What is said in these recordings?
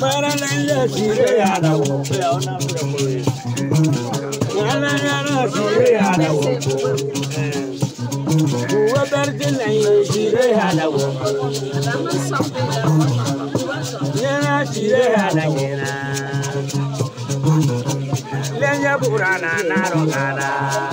Marana ya sire da wo pe ona pe mo ye. Marana ya na sire ya da wo. Wo berje na ye sire ya da wo. Ya na sire ya da ye na. Lenya na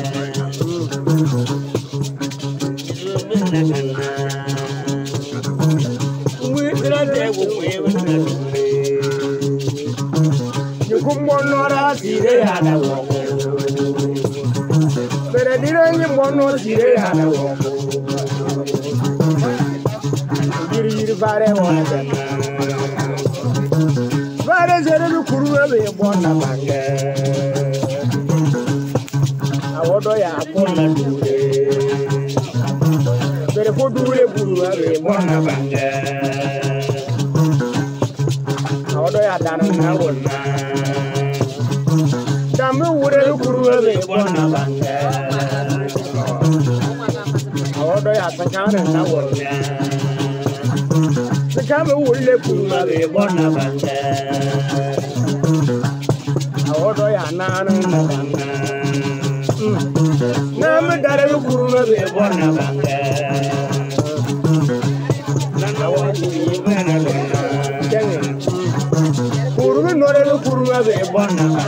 hana wongo bere dire nyimbo no sire hana wongo yiri yiri bare wona dana bare zere lu kuru ebe bona mange awodo ya akona dure bere ko dure kuru ebe bona mange awodo ya dana na wona நம்ம உடல் குருவது போனவங்க அவருடைய அசங்காரம் என்ன ஒருங்க அசைக்காம உள்ளே புண்ணவே போனவங்க அவருடைய அண்ணானும் நாம தரவு குருவது போனவங்க குருவி நுழைவு குருவவே போனவங்க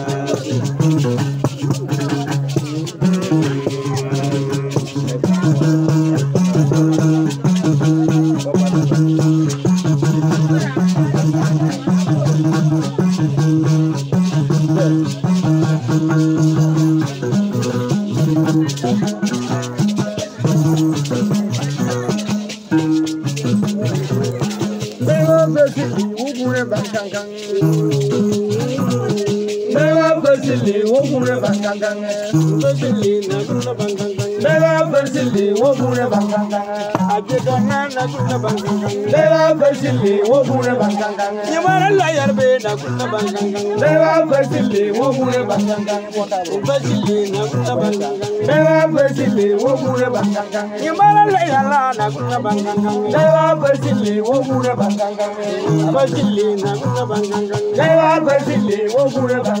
这是义务工人办香港。Mega Persili, Wokure Bangang, Persili, Naguna Bangang, Mega Persili, Wokure Bangang, Abidana Naguna Bangang, Mega Persili, Wokure Bangang, Yamara Layarbe, Naguna Bangang, Mega Persili, Wokure Bangang, Persili, Naguna bangangang. Mega Persili, Wokure Bangang, Yamara Layala, Naguna Bangang, Mega Persili, Wokure Bangang, Persili, Naguna bangangang. Mega Persili, Wokure bangangang.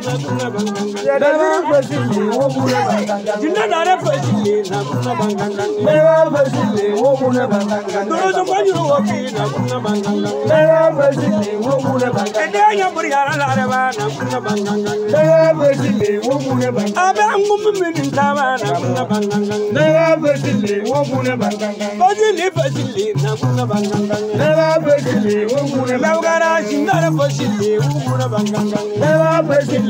Never you And you I'm in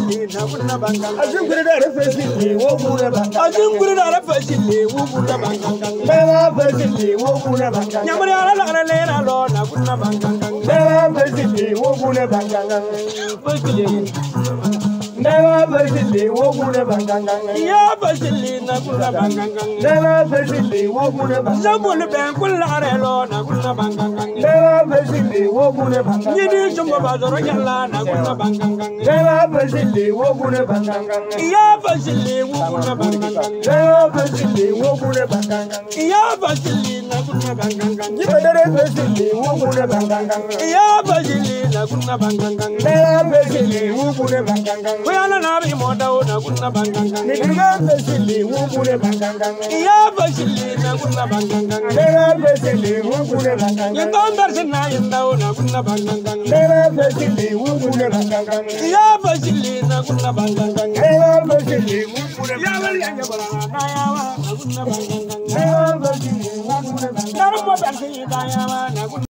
Ajinkuri da rufe shille wo kura banga. Ajinkuri da rufe shille wo kura banga. Bela fe shille wo kura banga. Nyamuri ala lagana lena lo na kuna banga. Bela fe shille wo kura banga. Fe shille. Never basically, what would have been? Yeah, basically, Never basically, what would have been? Someone bank will not alone. Never basically, what would have been? You do some of us, Royalana. Never basically, what would have been? Yeah, basically, what would have been? Never basically, what would have been? Yeah, basically, you better basically, what would have Yeah, kuyana nabi moda una kunna bangangang niga iya besili na kunna bangangang niga besili wubule bangangang yendon darsina yenda una kunna iya besili na kunna bangangang niga besili wubule ya wal ya nyabala na ya wa kunna bangangang niga besili wubule bangangang